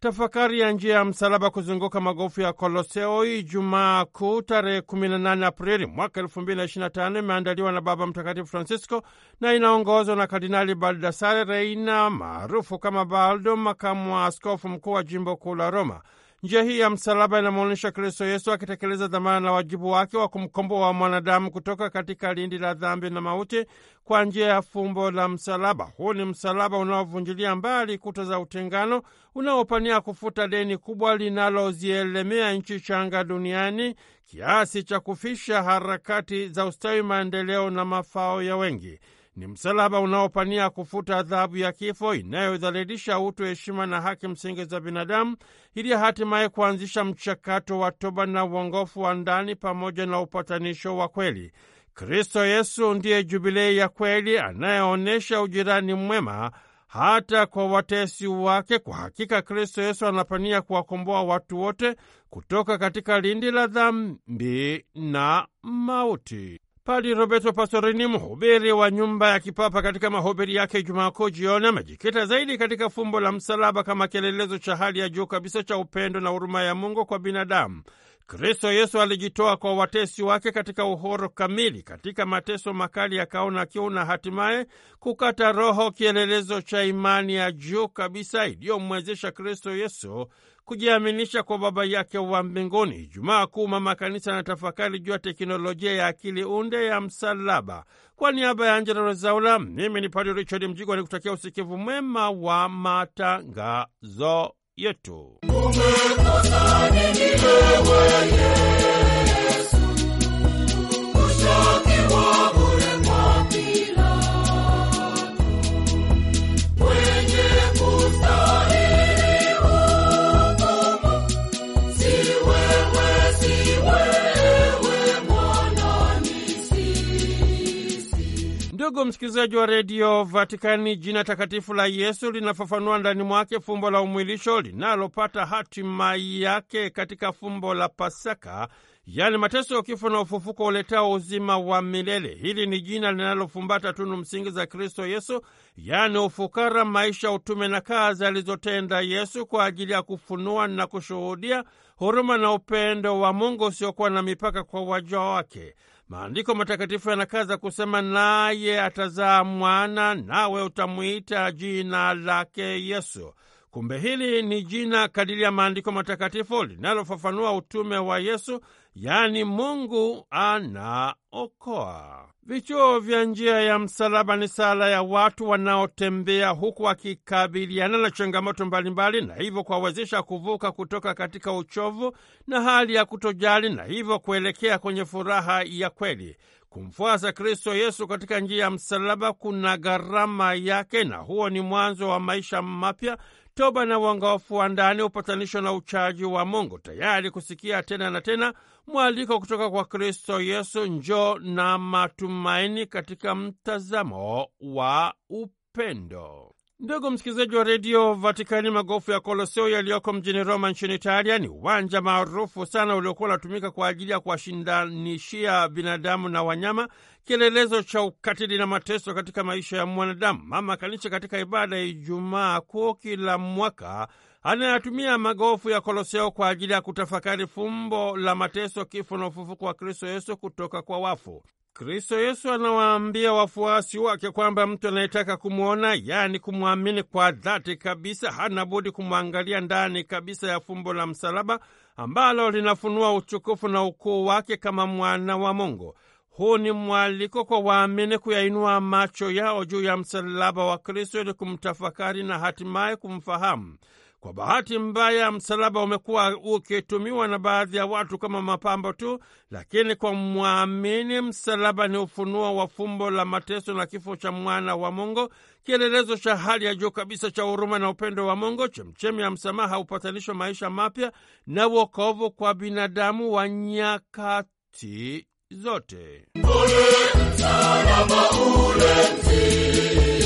tafakari ya njia ya msalaba kuzunguka magofu ya Koloseo Ijumaa Kuu tarehe 18 Aprili mwaka 2025 imeandaliwa na Baba Mtakatifu Francisco na inaongozwa na Kardinali Baldassare Reina maarufu kama Baldo, makamu wa askofu mkuu wa jimbo kuu la Roma. Njia hii ya msalaba inamwonyesha Kristo Yesu akitekeleza dhamana na wajibu wake wa kumkomboa wa mwanadamu kutoka katika lindi la dhambi na mauti kwa njia ya fumbo la msalaba. Huu ni msalaba unaovunjilia mbali kuta za utengano, unaopania kufuta deni kubwa linalozielemea nchi changa duniani kiasi cha kufisha harakati za ustawi, maendeleo na mafao ya wengi ni msalaba unaopania kufuta adhabu ya kifo inayodhalilisha utu, heshima na haki msingi za binadamu, ili hatimaye kuanzisha mchakato wa toba na uongofu wa ndani pamoja na upatanisho wa kweli. Kristo Yesu ndiye jubilei ya kweli anayeonyesha ujirani mwema hata kwa watesi wake. Kwa hakika Kristo Yesu anapania kuwakomboa watu wote kutoka katika lindi la dhambi na mauti. Padi Roberto Pastorini, mhubiri wa nyumba ya kipapa, katika mahubiri yake Ijumaa Kuu jioni amejikita zaidi katika fumbo la msalaba kama kielelezo cha hali ya juu kabisa cha upendo na huruma ya Mungu kwa binadamu. Kristo Yesu alijitoa kwa watesi wake katika uhuru kamili. Katika mateso makali akaona kiu na hatimaye kukata roho, kielelezo cha imani ya juu kabisa iliyomwezesha Kristo Yesu kujiaminisha kwa Baba yake wa mbinguni. Ijumaa Kuu, Mama Kanisa na tafakari juu ya teknolojia ya akili unde ya msalaba. Kwa niaba ya Angela Rezaula, mimi ni Padre Richard Mjigwa ni kutakia usikivu mwema wa matangazo yetu. Ndugu msikilizaji wa redio Vatikani, jina takatifu la Yesu linafafanua ndani mwake fumbo la umwilisho linalopata hatima yake katika fumbo la Pasaka, yaani mateso, kifo na ufufuko uletao uzima wa milele. Hili ni jina linalofumbata tunu msingi za Kristo Yesu, yaani ufukara, maisha, utume na kazi alizotenda Yesu kwa ajili ya kufunua na kushuhudia huruma na upendo wa Mungu usiokuwa na mipaka kwa waja wake. Maandiko matakatifu yanakaza kusema, naye atazaa mwana, nawe utamwita jina lake Yesu. Kumbe hili ni jina kadiri ya maandiko matakatifu linalofafanua utume wa Yesu, yaani Mungu anaokoa. Vichuo vya njia ya msalaba ni sala ya watu wanaotembea huku wakikabiliana na changamoto mbalimbali, na hivyo kuwawezesha kuvuka kutoka katika uchovu na hali ya kutojali, na hivyo kuelekea kwenye furaha ya kweli. Kumfuasa Kristo Yesu katika njia ya msalaba kuna gharama yake, na huo ni mwanzo wa maisha mapya, toba na uangaofu wa ndani, upatanisho na uchaji wa Mungu, tayari kusikia tena na tena mwaliko kutoka kwa Kristo Yesu, njoo na matumaini katika mtazamo wa upendo. Ndugu msikilizaji wa redio Vatikani, magofu ya Koloseo yaliyoko mjini Roma nchini Italia ni uwanja maarufu sana uliokuwa unatumika kwa ajili ya kuwashindanishia binadamu na wanyama, kielelezo cha ukatili na mateso katika maisha ya mwanadamu. Mama Kanisa katika ibada ya Ijumaa Kuu kila mwaka anayatumia magofu ya Koloseo kwa ajili ya kutafakari fumbo la mateso, kifo na ufufuko wa Kristo Yesu kutoka kwa wafu. Kristo Yesu anawaambia wafuasi wake kwamba mtu anayetaka kumwona, yaani kumwamini kwa dhati kabisa, hana budi kumwangalia ndani kabisa ya fumbo la msalaba ambalo linafunua utukufu na ukuu wake kama mwana wa Mungu. Huu ni mwaliko kwa waamini kuyainua macho yao juu ya msalaba wa Kristo ili kumtafakari na hatimaye kumfahamu. Kwa bahati mbaya, msalaba umekuwa ukitumiwa na baadhi ya watu kama mapambo tu, lakini kwa mwamini msalaba ni ufunuo wa fumbo la mateso na kifo cha mwana wa Mungu, kielelezo cha hali ya juu kabisa cha huruma na upendo wa Mungu, chemchemi ya msamaha, upatanisho, maisha mapya na wokovu kwa binadamu wa nyakati zote. Ule msalaba, ule msalaba.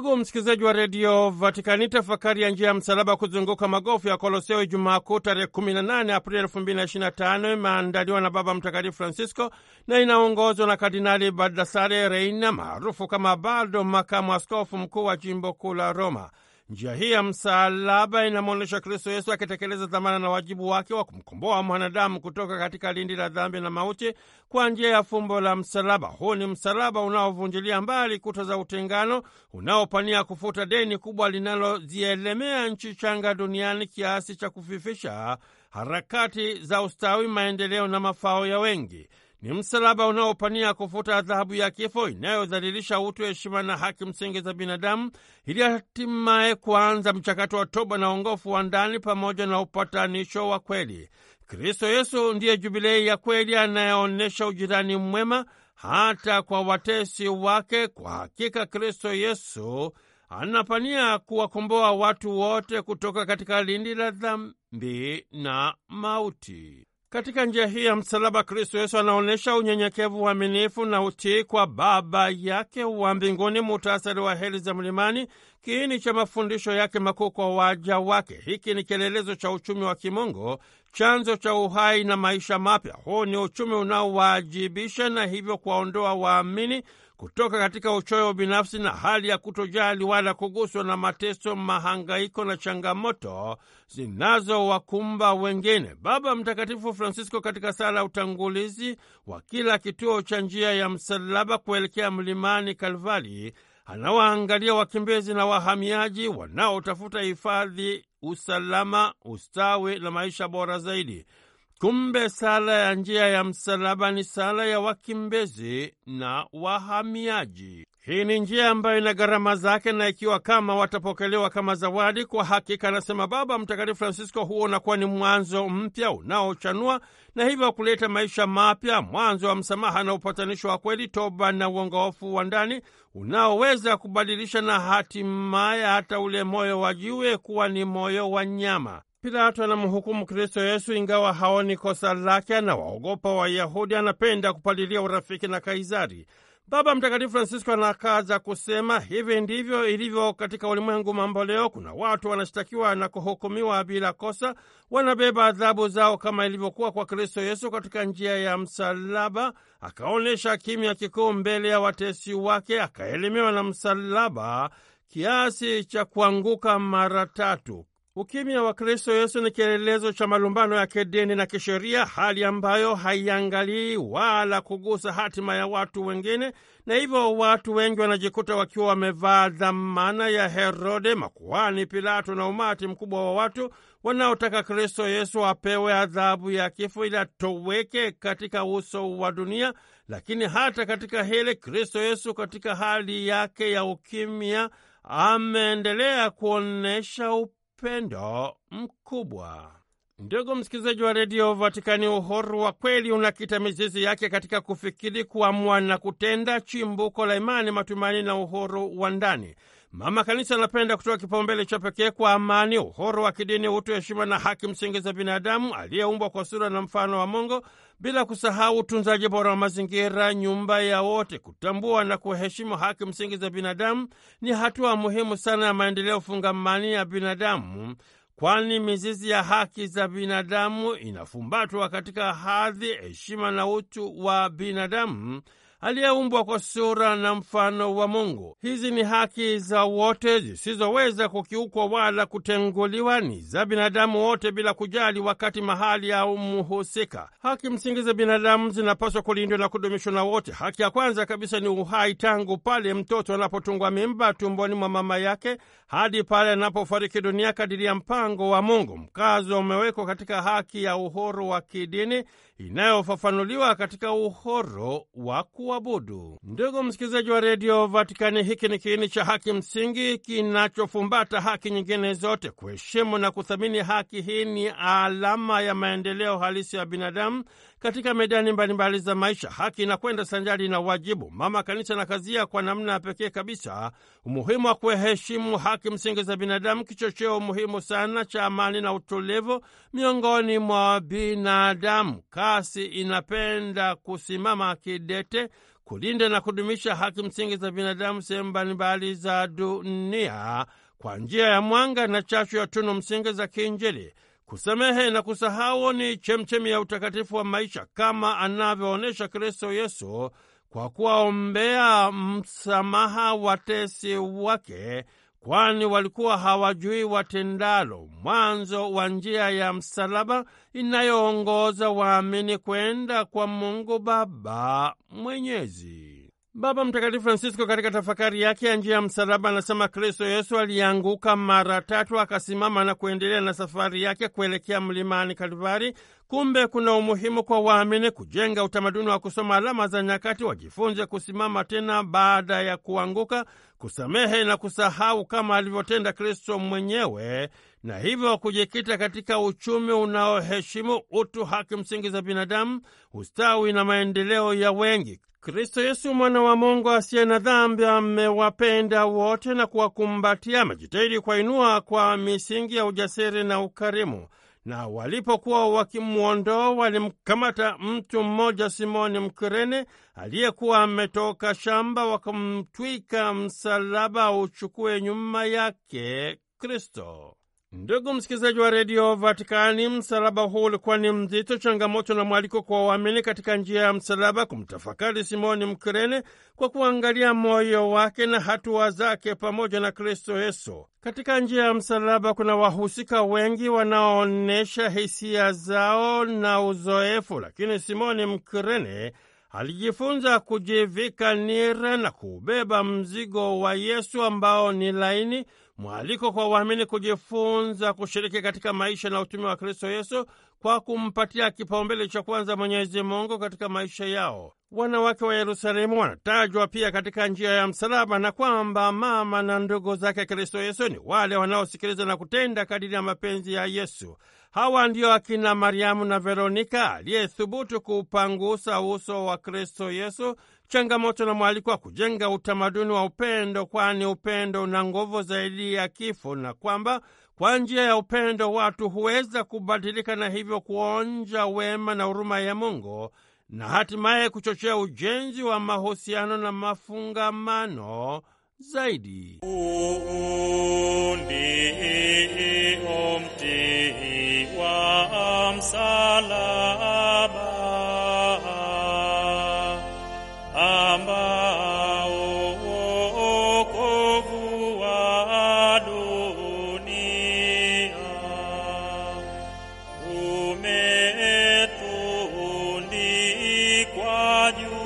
Ndugu msikilizaji wa redio Vatikani, tafakari ya njia ya msalaba kuzunguka magofu ya Koloseo Ijumaa Kuu tarehe 18 Aprili 2025 imeandaliwa na Baba Mtakatifu Francisco na inaongozwa na Kardinali Baldassare Reina maarufu kama Baldo, makamu askofu mkuu wa jimbo kuu la Roma. Njia hii ya msalaba inamwonyesha Kristo Yesu akitekeleza dhamana na wajibu wake wa kumkomboa mwanadamu kutoka katika lindi la dhambi na mauti kwa njia ya fumbo la msalaba. Huu ni msalaba unaovunjilia mbali kuta za utengano, unaopania kufuta deni kubwa linalozielemea nchi changa duniani kiasi cha kufifisha harakati za ustawi, maendeleo na mafao ya wengi ni msalaba unaopania kufuta adhabu ya kifo inayodhalilisha utu, heshima na haki msingi za binadamu, ili hatimaye kuanza mchakato wa toba na uongofu wa ndani pamoja na upatanisho wa kweli. Kristo Yesu ndiye jubilei ya kweli anayeonyesha ujirani mwema hata kwa watesi wake. Kwa hakika Kristo Yesu anapania kuwakomboa watu wote kutoka katika lindi la dhambi na mauti. Katika njia hii ya msalaba, Kristo Yesu anaonyesha unyenyekevu, uaminifu na utii kwa Baba yake wa mbinguni, muhtasari wa heri za mlimani, kiini cha mafundisho yake makuu kwa waja wake. Hiki ni kielelezo cha uchumi wa kimungu, chanzo cha uhai na maisha mapya. Huu ni uchumi unaowajibisha na hivyo kuwaondoa waamini kutoka katika uchoyo binafsi na hali ya kutojali wala kuguswa na mateso, mahangaiko na changamoto zinazowakumba wengine. Baba Mtakatifu Francisco, katika sala ya utangulizi wa kila kituo cha njia ya msalaba kuelekea mlimani Kalvari, anawaangalia wakimbizi na wahamiaji wanaotafuta hifadhi, usalama, ustawi na maisha bora zaidi. Kumbe sala ya njia ya msalaba ni sala ya wakimbizi na wahamiaji. Hii ni njia ambayo ina gharama zake, na ikiwa kama watapokelewa kama zawadi, kwa hakika, anasema Baba Mtakatifu Francisco, huo unakuwa ni mwanzo mpya unaochanua na hivyo kuleta maisha mapya, mwanzo wa msamaha na upatanisho wa kweli, toba na uongofu wa ndani unaoweza kubadilisha na hatimaye hata ule moyo wa jiwe kuwa ni moyo wa nyama. Pilato anamhukumu Kristo Yesu ingawa haoni kosa lake, anawaogopa Wayahudi, anapenda kupalilia urafiki na Kaisari. Baba Mtakatifu Francisco anakaza kusema hivi ndivyo ilivyo katika ulimwengu mambo leo. Kuna watu wanashitakiwa na kuhukumiwa bila kosa, wanabeba adhabu zao kama ilivyokuwa kwa Kristo Yesu katika njia ya msalaba. Akaonyesha kimya kikuu mbele ya watesi wake, akaelemewa na msalaba kiasi cha kuanguka mara tatu. Ukimya wa Kristo Yesu ni kielelezo cha malumbano ya kidini na kisheria, hali ambayo haiangalii wala kugusa hatima ya watu wengine, na hivyo watu wengi wanajikuta wakiwa wamevaa dhamana ya Herode, makuhani, Pilato na umati mkubwa wa watu wanaotaka Kristo Yesu apewe adhabu ya kifo ili atoweke katika uso wa dunia. Lakini hata katika hili, Kristo Yesu katika hali yake ya ukimya ameendelea kuonyesha upendo mkubwa. Ndugu msikilizaji wa redio Vatikani, uhuru wa kweli unakita mizizi yake katika kufikiri, kuamua na kutenda, chimbuko la imani, matumaini na uhuru wa ndani. Mama Kanisa anapenda kutoa kipaumbele cha pekee kwa amani, uhuru wa kidini, utu, heshima na haki msingi za binadamu aliyeumbwa kwa sura na mfano wa Mungu, bila kusahau utunzaji bora wa mazingira, nyumba ya wote. Kutambua na kuheshimu haki msingi za binadamu ni hatua muhimu sana ya maendeleo fungamani ya binadamu, kwani mizizi ya haki za binadamu inafumbatwa katika hadhi, heshima na utu wa binadamu aliyeumbwa kwa sura na mfano wa Mungu. Hizi ni haki za wote zisizoweza kukiukwa wala kutenguliwa, ni za binadamu wote bila kujali wakati, mahali au mhusika. Haki msingi za binadamu zinapaswa kulindwa na kudumishwa na wote. Haki ya kwanza kabisa ni uhai, tangu pale mtoto anapotungwa mimba tumboni mwa mama yake hadi pale anapofariki dunia kadiri ya mpango wa Mungu. Mkazo umewekwa katika haki ya uhuru wa kidini inayofafanuliwa katika uhoro wa kuabudu. Ndugu msikilizaji wa redio Vatikani, hiki ni kiini cha haki msingi kinachofumbata haki nyingine zote. Kuheshimu na kuthamini haki hii ni alama ya maendeleo halisi ya binadamu katika medani mbalimbali za maisha. Haki inakwenda sanjari na wajibu. Mama Kanisa na kazia kwa namna ya pekee kabisa umuhimu wa kuheshimu haki msingi za binadamu, kichocheo muhimu sana cha amani na utulivu miongoni mwa binadamu basi inapenda kusimama kidete kulinda na kudumisha haki msingi za binadamu sehemu mbalimbali za dunia kwa njia ya mwanga na chachu ya tunu msingi za kiinjili. Kusamehe na kusahau ni chemchemi ya utakatifu wa maisha, kama anavyoonyesha Kristo Yesu kwa kuwaombea msamaha watesi wake kwani walikuwa hawajui watendalo, mwanzo wa njia ya msalaba inayoongoza waamini kwenda kwa Mungu Baba Mwenyezi. Baba Mtakatifu Francisco katika tafakari yake ya njia ya msalaba anasema Kristo Yesu alianguka mara tatu, akasimama na kuendelea na safari yake kuelekea mlimani Kalvari. Kumbe kuna umuhimu kwa waamini kujenga utamaduni wa kusoma alama za nyakati, wajifunze kusimama tena baada ya kuanguka, kusamehe na kusahau kama alivyotenda Kristo mwenyewe, na hivyo kujikita katika uchumi unaoheshimu utu, haki msingi za binadamu, ustawi na maendeleo ya wengi. Kristo Yesu mwana wa Mungu asiye na dhambi amewapenda wote na kuwakumbatia. Amejitahidi kuwainua kwa misingi ya ujasiri na ukarimu. Na walipokuwa wakimwondoa, walimkamata mtu mmoja, Simoni Mkirene, aliyekuwa ametoka shamba, wakamtwika msalaba uchukue nyuma yake Kristo. Ndugu msikilizaji wa redio Vatikani, msalaba huu ulikuwa ni mzito, changamoto na mwaliko kwa waamini katika njia ya msalaba kumtafakari Simoni Mkirene kwa kuangalia moyo wake na hatua zake pamoja na Kristo Yesu. Katika njia ya msalaba kuna wahusika wengi wanaoonyesha hisia zao na uzoefu, lakini Simoni Mkirene alijifunza kujivika nira na kuubeba mzigo wa Yesu ambao ni laini mwaliko kwa waamini kujifunza kushiriki katika maisha na utumi wa Kristo Yesu kwa kumpatia kipaumbele cha kwanza Mwenyezi Mungu katika maisha yao. Wanawake wa Yerusalemu wanatajwa pia katika njia ya msalaba, na kwamba mama na ndugu zake Kristo Yesu ni wale wanaosikiliza na kutenda kadiri ya mapenzi ya Yesu. Hawa ndio akina Mariamu na Veronika aliyethubutu kuupangusa uso wa Kristo Yesu changamoto na mwaliko wa kujenga utamaduni wa upendo, kwani upendo una nguvu zaidi ya kifo, na kwamba kwa njia ya upendo watu huweza kubadilika na hivyo kuonja wema na huruma ya Mungu na hatimaye kuchochea ujenzi wa mahusiano na mafungamano zaidi. Uundi umti wa msalaba Señor.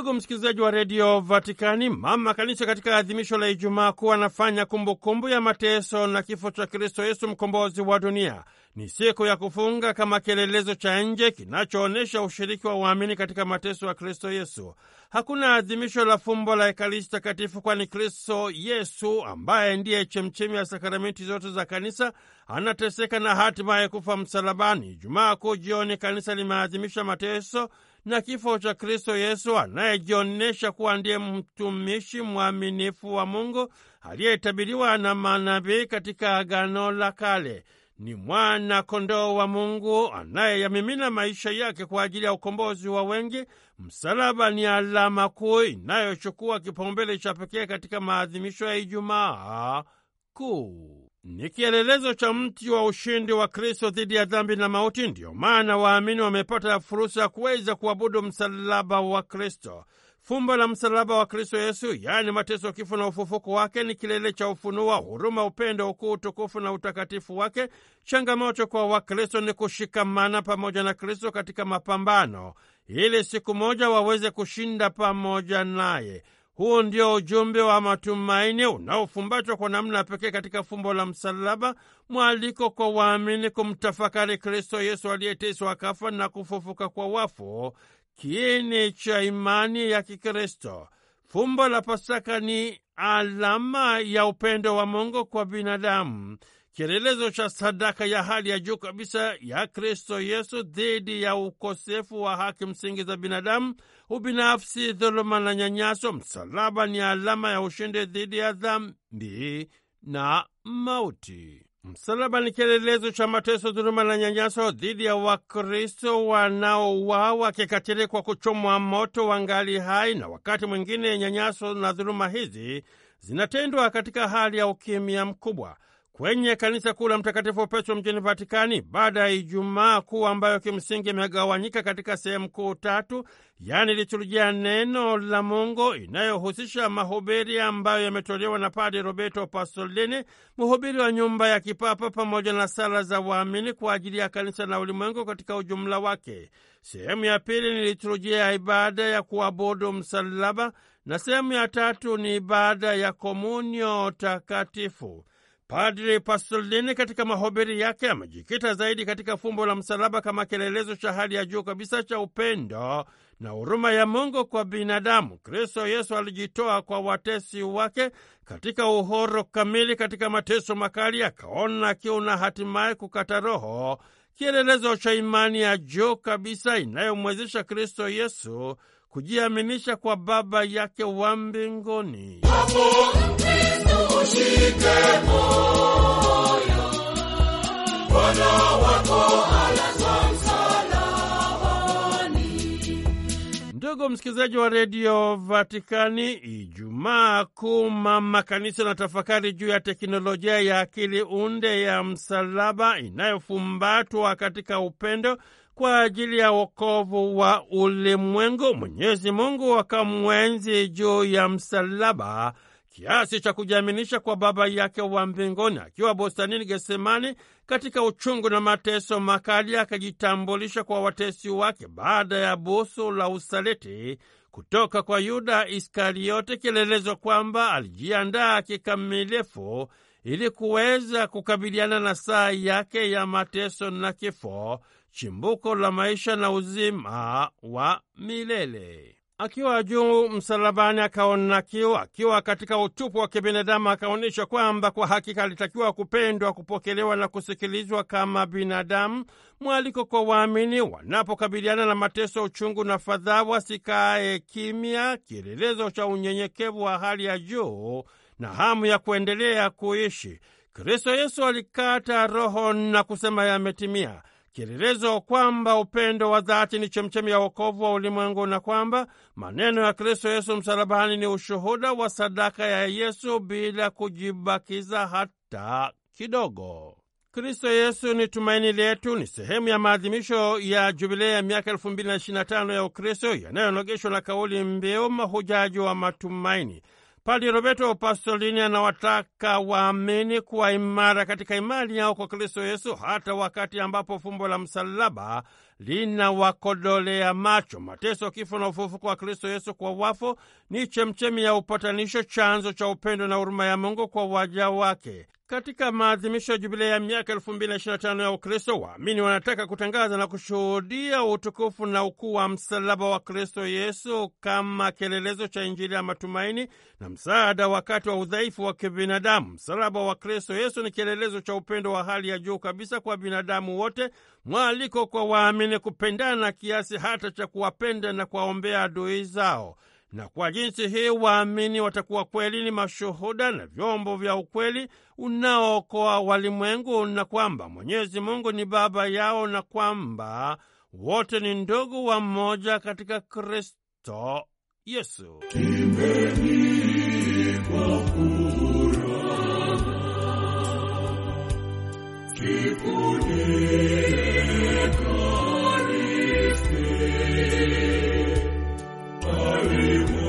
Ndugu msikilizaji wa redio Vatikani, mama kanisa katika adhimisho la Ijumaa kuwa anafanya kumbukumbu ya mateso na kifo cha Kristo Yesu mkombozi wa dunia. Ni siku ya kufunga kama kielelezo cha nje kinachoonyesha ushiriki wa waamini katika mateso ya Kristo Yesu. Hakuna adhimisho la fumbo la Ekaristi Takatifu, kwani Kristo Yesu ambaye ndiye chemchemi ya sakramenti zote za kanisa anateseka na hatimaye kufa msalabani. Ijumaa Kuu jioni kanisa limeadhimisha mateso na kifo cha Kristo Yesu, anayejionyesha kuwa ndiye mtumishi mwaminifu wa Mungu aliyetabiriwa na manabii katika Agano la Kale. Ni mwana kondoo wa Mungu anayeyamimina maisha yake kwa ajili ya ukombozi wa wengi. Msalaba ni alama kuu inayochukua kipaumbele cha pekee katika maadhimisho ya Ijumaa Kuu ni kielelezo cha mti wa ushindi wa Kristo dhidi ya dhambi na mauti. Ndiyo maana waamini wamepata fursa ya kuweza kuabudu msalaba wa Kristo. Fumbo la msalaba wa Kristo Yesu, yaani mateso, kifo na ufufuko wake, ni kilele cha ufunua huruma, upendo, ukuu, utukufu na utakatifu wake. Changamoto kwa Wakristo ni kushikamana pamoja na Kristo katika mapambano, ili siku moja waweze kushinda pamoja naye. Huu ndio ujumbe wa matumaini unaofumbatwa kwa namna pekee katika fumbo la msalaba, mwaliko kwa waamini kumtafakari Kristo Yesu aliyeteswa akafa na kufufuka kwa wafu, kiini cha imani ya Kikristo. Fumbo la Pasaka ni alama ya upendo wa Mungu kwa binadamu kielelezo cha sadaka ya hali ya juu kabisa ya Kristo Yesu dhidi ya ukosefu wa haki msingi za binadamu, ubinafsi, dhuluma na nyanyaso. Msalaba ni alama ya ushindi dhidi ya dhambi na mauti. Msalaba ni kielelezo cha mateso, dhuluma na nyanyaso dhidi ya Wakristo wanaouawa kikatili kwa kuchomwa moto wangali hai, na wakati mwingine nyanyaso na dhuluma hizi zinatendwa katika hali ya ukimya mkubwa kwenye kanisa kuu la Mtakatifu Petro mjini Vatikani baada ya Ijumaa Kuu, ambayo kimsingi imegawanyika katika sehemu kuu tatu, yaani liturujia neno la Mungu inayohusisha mahubiri ambayo yametolewa na Padre Roberto Pasolini, mhubiri wa nyumba ya kipapa, pamoja na sala za waamini kwa ajili ya kanisa na ulimwengu katika ujumla wake. Sehemu ya pili ni liturujia ya ibada ya kuabudu msalaba, na sehemu ya tatu ni ibada ya komunio takatifu. Padri Pasolini katika mahubiri yake amejikita zaidi katika fumbo la msalaba kama kielelezo cha hali ya juu kabisa cha upendo na huruma ya Mungu kwa binadamu. Kristo Yesu alijitoa kwa watesi wake katika uhoro kamili, katika mateso makali, akaona kiu na hatimaye kukata roho, kielelezo cha imani ya juu kabisa inayomwezesha Kristo Yesu kujiaminisha kwa Baba yake wa mbinguni. Ndugu msikilizaji wa redio Vatikani, Ijumaa Kuu Mama Kanisa na tafakari juu ya teknolojia ya akili unde ya msalaba inayofumbatwa katika upendo kwa ajili ya wokovu wa ulimwengu. Mwenyezi Mungu akamwenzi juu ya msalaba kiasi cha kujiaminisha kwa Baba yake wa mbinguni. Akiwa bustanini Getsemani katika uchungu na mateso makali, akajitambulisha kwa watesi wake baada ya busu la usaliti kutoka kwa Yuda Iskariote, kielelezo kwamba alijiandaa kikamilifu ili kuweza kukabiliana na saa yake ya mateso na kifo, chimbuko la maisha na uzima wa milele. Akiwa juu msalabani akaona kiu, akiwa katika utupu wa kibinadamu akaonyesha kwamba kwa hakika alitakiwa kupendwa, kupokelewa na kusikilizwa kama binadamu. Mwaliko kwa waamini wanapokabiliana na mateso, uchungu na fadhaa, wasikae kimya, kielelezo cha unyenyekevu wa hali ya juu na hamu ya kuendelea kuishi. Kristo Yesu alikata roho na kusema yametimia kielelezo kwamba upendo wa dhati ni chemchemi ya wokovu wa ulimwengu na kwamba maneno ya Kristo Yesu msalabani ni ushuhuda wa sadaka ya Yesu bila kujibakiza hata kidogo. Kristo Yesu ni tumaini letu, ni sehemu ya maadhimisho ya jubilei ya miaka 2025 ya Ukristo yanayonogeshwa na kauli mbiu mahujaji wa matumaini. Padre Roberto Pasolini anawataka waamini kuwa imara katika imani yao kwa Kristo Yesu hata wakati ambapo fumbo la msalaba linawakodolea macho. Mateso, kifo na ufufuko wa Kristo Yesu kwa wafu ni chemchemi ya upatanisho, chanzo cha upendo na huruma ya Mungu kwa waja wake. Katika maadhimisho ya jubilei ya miaka tano ya Ukristo, waamini wanataka kutangaza na kushuhudia utukufu na ukuu wa msalaba wa Kristo Yesu kama kielelezo cha Injili ya matumaini na msaada wakati wa udhaifu wa kibinadamu. Msalaba wa Kristo Yesu ni kielelezo cha upendo wa hali ya juu kabisa kwa binadamu wote, mwaliko kwa waamini kupendana kiasi hata cha kuwapenda na kuwaombea adui zao na kwa jinsi hii waamini watakuwa kweli ni mashuhuda na vyombo vya ukweli unaookoa walimwengu, na kwamba Mwenyezi Mungu ni Baba yao na kwamba wote ni ndugu wa mmoja katika Kristo Yesu. Kipeni, you.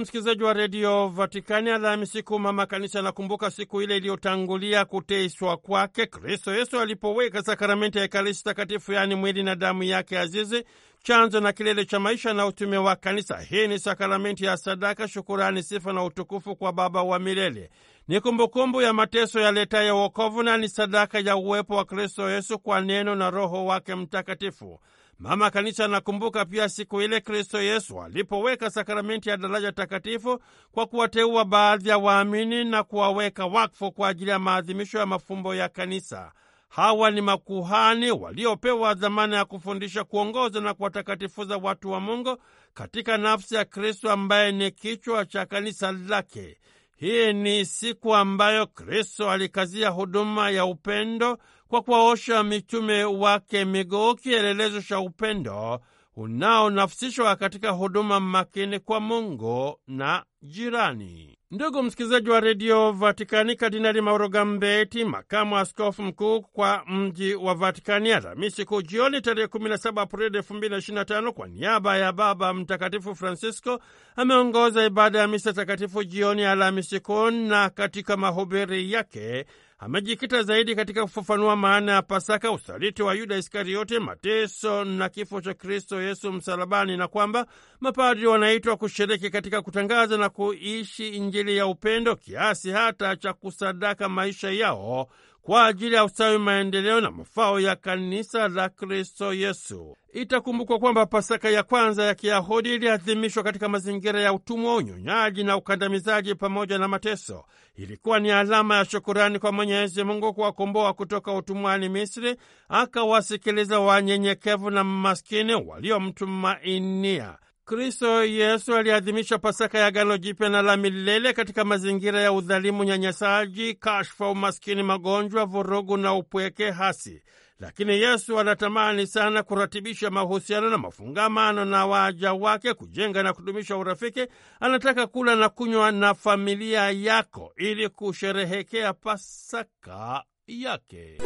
msikilizaji wa redio Vatikani, Alhamisi Kuu Mama Kanisa anakumbuka siku ile iliyotangulia kuteswa kwake Kristo Yesu alipoweka sakramenti ya Ekaristi Takatifu, yaani mwili na damu yake azizi, chanzo na kilele cha maisha na utume wa Kanisa. Hii ni sakramenti ya sadaka, shukurani, sifa na utukufu kwa Baba wa milele. Ni kumbukumbu ya mateso yaletayo wokovu na ni sadaka ya uwepo wa Kristo Yesu kwa neno na Roho wake Mtakatifu. Mama Kanisa anakumbuka pia siku ile Kristo Yesu alipoweka sakramenti ya daraja takatifu kwa kuwateua baadhi ya waamini na kuwaweka wakfu kwa ajili ya maadhimisho ya mafumbo ya Kanisa. Hawa ni makuhani waliopewa dhamana ya kufundisha, kuongoza na kuwatakatifuza watu wa Mungu katika nafsi ya Kristo ambaye ni kichwa cha kanisa lake. Hii ni siku ambayo Kristo alikazia huduma ya upendo kwa kuwaosha mitume wake miguu, kielelezo cha upendo unaonafsishwa katika huduma makini kwa Mungu na jirani. Ndugu msikilizaji wa redio Vatikani, Kardinali Mauro Gambeti, makamu askofu mkuu kwa mji wa Vatikani, Alhamisi kuu jioni tarehe 17 Aprili 2025 kwa niaba ya Baba Mtakatifu Francisco ameongoza ibada ya misa takatifu jioni ya Alhamisi kuu, na katika mahubiri yake amejikita zaidi katika kufafanua maana ya Pasaka, usaliti wa Yuda Iskariote, mateso na kifo cha Kristo Yesu msalabani, na kwamba mapadri wanaitwa kushiriki katika kutangaza na kuishi Injili ya upendo kiasi hata cha kusadaka maisha yao kwa ajili ya ustawi, maendeleo na mafao ya kanisa la Kristo Yesu. Itakumbukwa kwamba Pasaka ya kwanza ya Kiyahudi iliadhimishwa katika mazingira ya utumwa, unyonyaji na ukandamizaji pamoja na mateso. Ilikuwa ni alama ya shukurani kwa Mwenyezi Mungu kuwakomboa kutoka utumwani Misri, akawasikiliza wanyenyekevu na maskini waliomtumainia. Kristo Yesu aliadhimisha Pasaka ya gano Jipya na la milele katika mazingira ya udhalimu, nyanyasaji, kashfa, umaskini, magonjwa, vurugu na upweke hasi. Lakini Yesu anatamani sana kuratibisha mahusiano na mafungamano na waja wake, kujenga na kudumisha urafiki. Anataka kula na kunywa na familia yako ili kusherehekea Pasaka yake.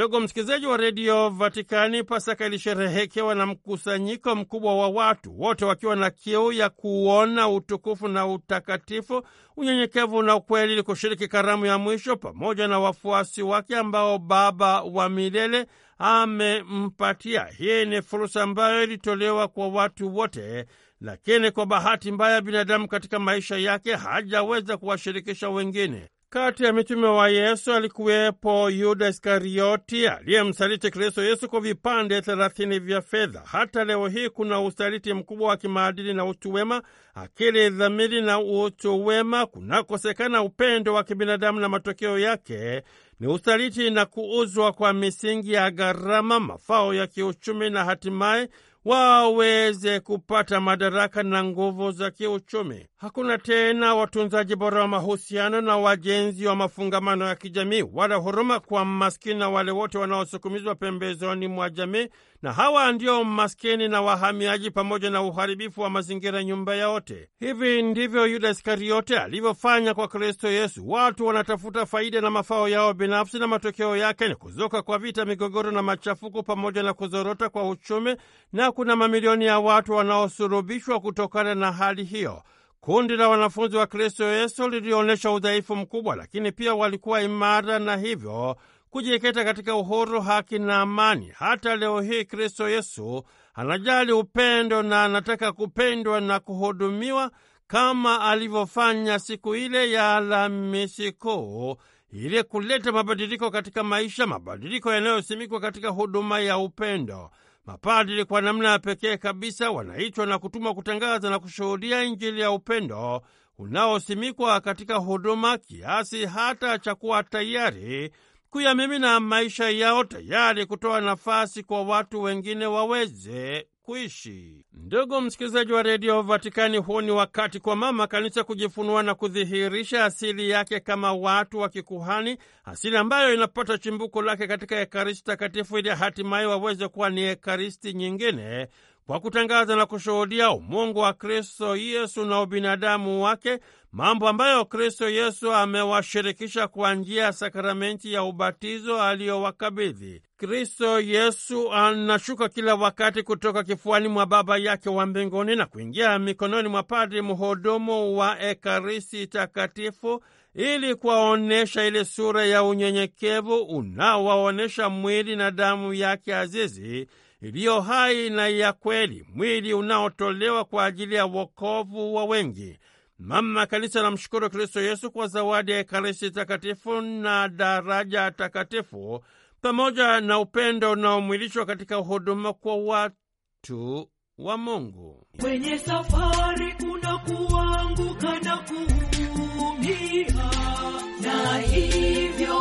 Ndugu msikilizaji wa redio Vatikani, Pasaka ilisherehekewa na mkusanyiko mkubwa wa watu wote wakiwa na kiu ya kuona utukufu na utakatifu, unyenyekevu na ukweli, ili kushiriki karamu ya mwisho pamoja na wafuasi wake ambao Baba wa milele amempatia. Hii ni fursa ambayo ilitolewa kwa watu wote, lakini kwa bahati mbaya binadamu katika maisha yake hajaweza kuwashirikisha wengine. Kati ya mitume wa Yesu alikuwepo Yuda Iskarioti aliyemsaliti Kristo Yesu kwa vipande thelathini vya fedha. Hata leo hii kuna usaliti mkubwa wa kimaadili na utu wema, akili, dhamiri na utu wema. Kunakosekana upendo wa kibinadamu na matokeo yake ni usaliti na kuuzwa kwa misingi ya gharama, mafao ya kiuchumi na hatimaye waweze kupata madaraka na nguvu za kiuchumi. Hakuna tena watunzaji bora wa mahusiano na wajenzi wa mafungamano ya kijamii, wala huruma kwa maskini na wale wote wanaosukumizwa pembezoni mwa jamii na hawa ndio maskini na wahamiaji pamoja na uharibifu wa mazingira nyumba yaote. Hivi ndivyo Yuda Iskariote alivyofanya kwa Kristo Yesu. Watu wanatafuta faida na mafao yao binafsi, na matokeo yake ni kuzuka kwa vita, migogoro na machafuko, pamoja na kuzorota kwa uchumi, na kuna mamilioni ya watu wanaosurubishwa kutokana na hali hiyo. Kundi la wanafunzi wa Kristo Yesu lilionyesha udhaifu mkubwa, lakini pia walikuwa imara na hivyo kujikita katika uhuru, haki na amani. Hata leo hii Kristo Yesu anajali upendo na anataka kupendwa na kuhudumiwa kama alivyofanya siku ile ya Alhamisi Kuu ili kuleta mabadiliko katika maisha, mabadiliko yanayosimikwa katika huduma ya upendo. Mapadri kwa namna ya pekee kabisa wanaitwa na kutumwa kutangaza na kushuhudia Injili ya upendo unaosimikwa katika huduma, kiasi hata cha kuwa tayari kuyamimina maisha yao, tayari kutoa nafasi kwa watu wengine waweze kuishi. Ndugu msikilizaji wa redio Vatikani, huu ni wakati kwa mama kanisa kujifunua na kudhihirisha asili yake kama watu wa kikuhani, asili ambayo inapata chimbuko lake katika Ekaristi Takatifu, ili hatimaye waweze kuwa ni Ekaristi nyingine kwa kutangaza na kushuhudia umungu wa Kristo Yesu na ubinadamu wake, mambo ambayo Kristo Yesu amewashirikisha kwa njia ya sakramenti ya ubatizo aliyowakabidhi. Kristo Yesu anashuka kila wakati kutoka kifuani mwa Baba yake wa mbinguni na kuingia mikononi mwa padri mhudumu wa Ekaristi Takatifu ili kuwaonyesha ile sura ya unyenyekevu unaowaonyesha mwili na damu yake azizi iliyo hai na ya kweli, mwili unaotolewa kwa ajili ya wokovu wa wengi. Mama Kanisa namshukuru Kristo Yesu kwa zawadi ya Ekaristi takatifu na daraja takatifu pamoja na upendo unaomwilishwa katika huduma kwa watu wa Mungu. Kwenye safari kuna kuanguka na kuumia na hivyo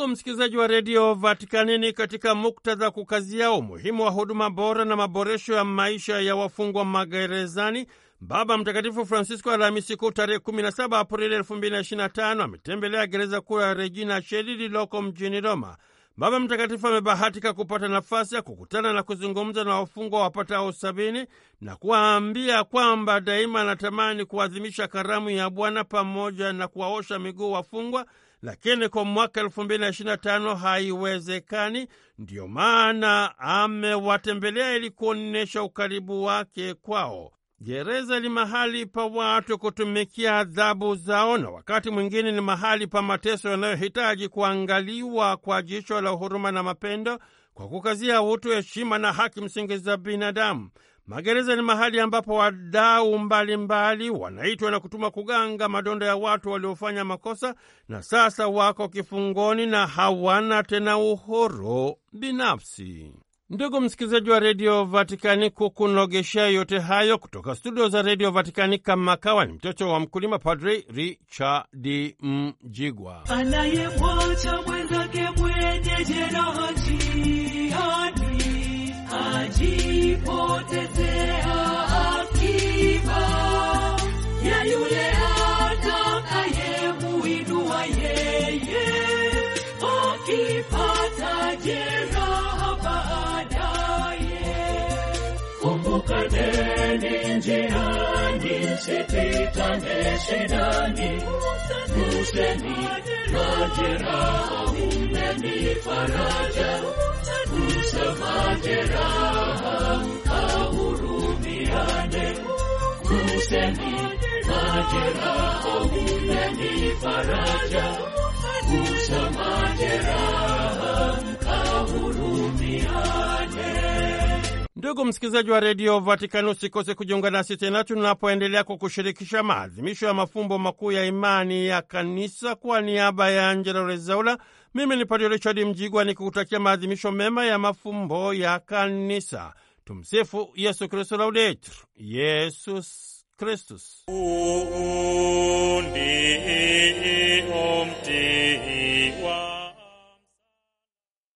Ndugu msikilizaji wa redio Vatikanini, katika muktadha kukazia umuhimu wa huduma bora na maboresho ya maisha ya wafungwa magerezani, Baba Mtakatifu Francisco Alhamisi Kuu tarehe 17 Aprili 2025 ametembelea gereza kuu ya Regina Sheli lililoko mjini Roma. Baba Mtakatifu amebahatika kupata nafasi ya kukutana na kuzungumza na wafungwa wapatao sabini na kuwaambia kwamba daima anatamani kuadhimisha karamu ya Bwana pamoja na kuwaosha miguu wafungwa lakini kwa mwaka 2025 haiwezekani. Ndiyo maana amewatembelea ili kuonyesha ukaribu wake kwao. Gereza ni mahali pa watu kutumikia adhabu zao, na wakati mwingine ni mahali pa mateso yanayohitaji kuangaliwa kwa jicho la huruma na mapendo, kwa kukazia utu, heshima na haki msingi za binadamu. Magereza ni mahali ambapo wadau mbalimbali wanaitwa na kutuma kuganga madonda ya watu waliofanya makosa na sasa wako kifungoni na hawana tena uhuru binafsi. Ndugu msikilizaji wa redio Vatikani, kukunogeshea yote hayo kutoka studio za redio Vatikani, kama kawa ni mtoto wa mkulima, Padri Richard Mjigwa anayemwacha mwenzake mwenye jeraha usipitane shidani, useni majeraha, umenipa faraja, gusa majeraha, mkahurumiane, useni majera, umenipa faraja, gusa majeraha Ndugu msikilizaji wa redio Vatikani, usikose kujiunga nasi tena tunapoendelea kukushirikisha maadhimisho ya mafumbo makuu ya imani ya Kanisa. Kwa niaba ya Angela Rezaula, mimi ni Padre Richard Mjigwa nikikutakia maadhimisho mema ya mafumbo ya Kanisa. Tumsifu Yesu Kristu, Laudetur Yesus kristus